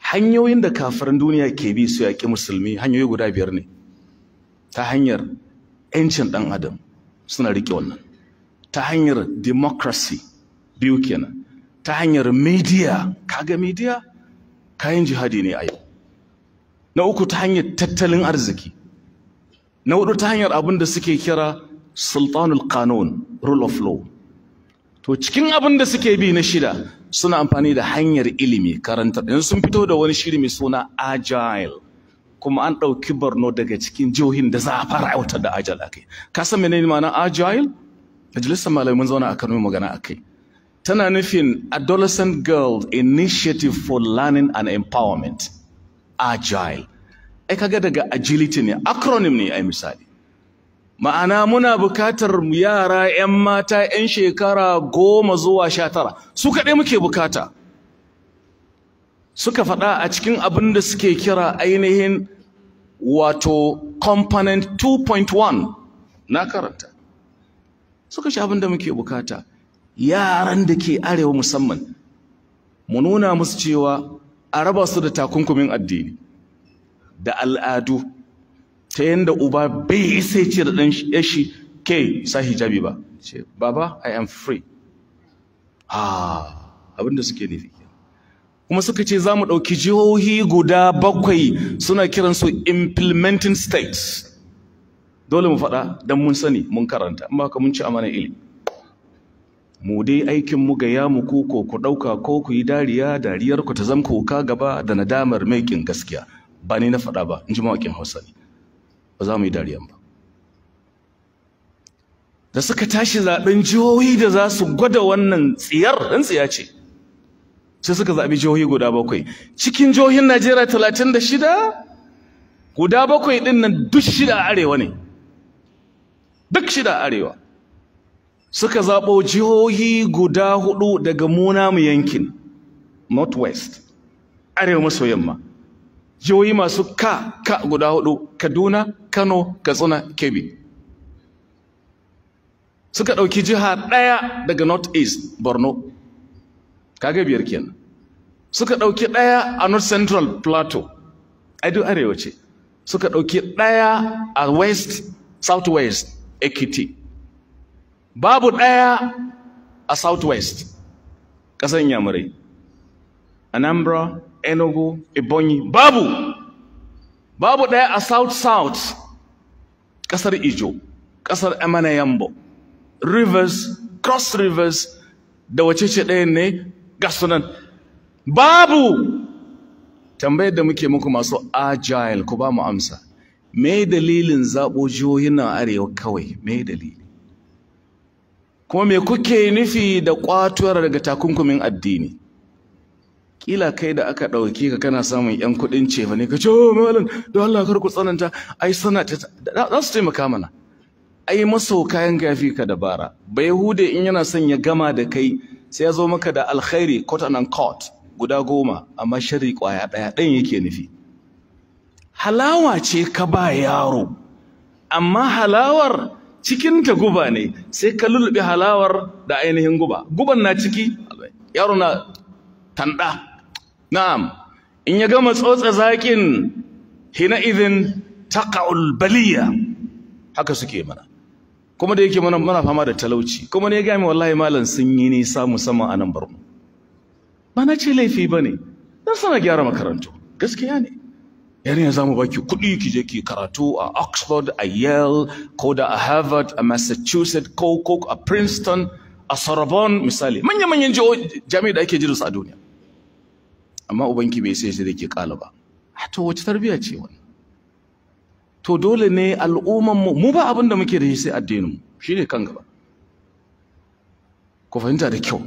hanyoyin da kafirin duniya ke bi su yaƙi musulmi hanyoyi guda biyar ne ta hanyar 'yancin ɗan adam suna riƙe wannan ta hanyar democracy biyu kenan ta hanyar media kaga media kayan jihadi ne a yau na uku ta hanyar tattalin arziki na hudu ta hanyar abin da suke kira sultanul qanun rule of law to cikin abin da suke bi na shida suna amfani da hanyar ilimi karanta yanzu sun fito da wani shiri mai suna agile kuma an ɗauki barno daga cikin jihohin da za a fara aiwatar da agile akai ka san menene ma'ana agile majalisar malamai mun zauna a kanu magana akai tana nufin adolescent girl initiative for learning and empowerment agile ai kaga daga agility ne acronym ne ai misali ma'ana muna bukatar yara 'yan mata 'yan shekara goma zuwa sha tara su kaɗai muke bukata suka faɗa a cikin abin da suke kira ainihin wato component 2.1 na karanta suka shi abin da muke bukata yaran da ke arewa musamman mu nuna musu cewa a raba su da takunkumin addini da al'adu ta yanda uba bai isa ce da ɗan shi, ke sa hijabi ba ce baba i am free ah abinda suke nufi kuma suka ce za mu ɗauki jihohi guda bakwai suna kiransu implementing states dole mu faɗa don mun sani mun karanta amma ka mun ci amana ili mu dai aikin mu ga yamu ko ko ku ɗauka ko ku yi dariya dariyar ku ta zama kuka gaba da nadamar maiƙin gaskiya ba ni na faɗa ba in ji mawaƙin hausa ne ba za mu yi dariyan ba da suka tashi zaɓen jihohi da za su gwada wannan tsiyar ɗan tsiya ce sai suka zaɓi jihohi guda bakwai cikin jihohin najeriya talatin da shida guda bakwai ɗin nan duk shida a arewa ne duk shida arewa suka zaɓo jihohi guda hudu daga muna mu yankin west arewa maso yamma jihohi masu ka ka guda hudu kaduna kano katsina kebbi suka ɗauki jiha ɗaya daga north east borno kaga biyar kenan suka ɗauki ɗaya a north central plateau duk arewa ce suka ɗauki ɗaya a west south west ekiti babu ɗaya a south west ƙasar yamurai anambra Enugu, Ebonyi, babu. Babu ɗaya a South South, ƙasar Ijo, ƙasar Emanayambo, Rivers, Cross Rivers, da wacece ɗaya ne gasunan. Babu. Tambayar da muke muku masu agile ku ba mu amsa. Me dalilin zaɓo jihohin nan arewa kawai? Me dalili? Kuma me kuke nufi da ƙwatuwar daga takunkumin addini? kila kai da aka ɗauke ka kana samun yan kuɗin cefa ne ka ce oh malam don Allah kar ku tsananta ai sana za su taimaka mana ai maso kayan gafi ka dabara ba yahude in yana son ya gama da kai sai ya zo maka da alkhairi court and court guda goma amma shari kwaya ɗaya ɗan yake nufi halawa ce ka ba yaro amma halawar cikinta guba ne sai ka lulluɓe halawar da ainihin guba guban na ciki yaro na tanda na'am in ya gama tsotsa zakin hina izin taqa'ul baliya haka suke mana kuma da yake mana muna fama da talauci kuma ne ya gami wallahi malam sun yi nisa sama a nan barmu. ba na ce laifi ba ne don sana gyara makarantu gaskiya ne yanayin zamu baki kuɗi ki je ki karatu a oxford a yale ko da a harvard a massachusetts ko ko a princeton a sorbonne misali manya-manyan jami'ai da ake jirinsu a duniya amma ubanki bai sai shi da ke kala ba to wace tarbiyya ce wani to dole ne al'umman mu mu ba abin da muke da shi sai addinin mu shine kan gaba ku fahimta da kyau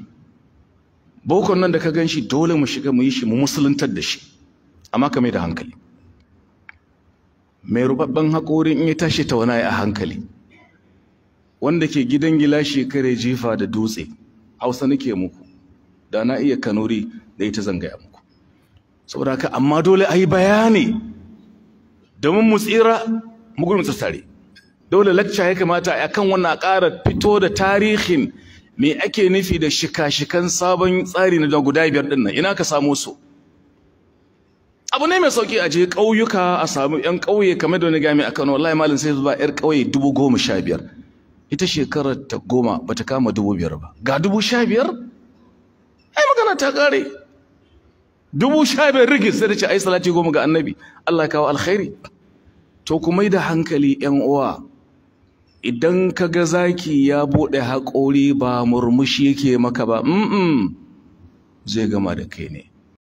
bokon nan da ka gan shi dole mu shiga mu yi shi mu musuluntar da shi amma ka mai da hankali mai rubabban haƙorin in ya tashi ta wani a hankali wanda ke gidan gila kare jifa da dutse hausa nake muku da na iya kanuri da ita zan gaya muku saboda haka amma dole a yi bayani domin mu tsira mu tsare dole lacca ya kamata a kan wannan a ƙara fito da tarihin me ake nufi da shika-shikan sabon tsari na guda biyar ɗin nan ina ka samo su abu ne mai sauki a je ƙauyuka a samu 'yan ƙauye kamar da wani gami a kano wallahi malin sai zuba 'yar ƙauye dubu goma sha biyar ita shekarar ta goma bata kama dubu biyar ba ga dubu sha biyar ai magana ta ƙare dubu sha biyar rigis sai da ce ai salati goma ga annabi Allah kawo alkhairi to ku mai da hankali yan uwa idan ka ga zaki ya buɗe haƙori ba murmushi yake maka ba mm zai gama da kai ne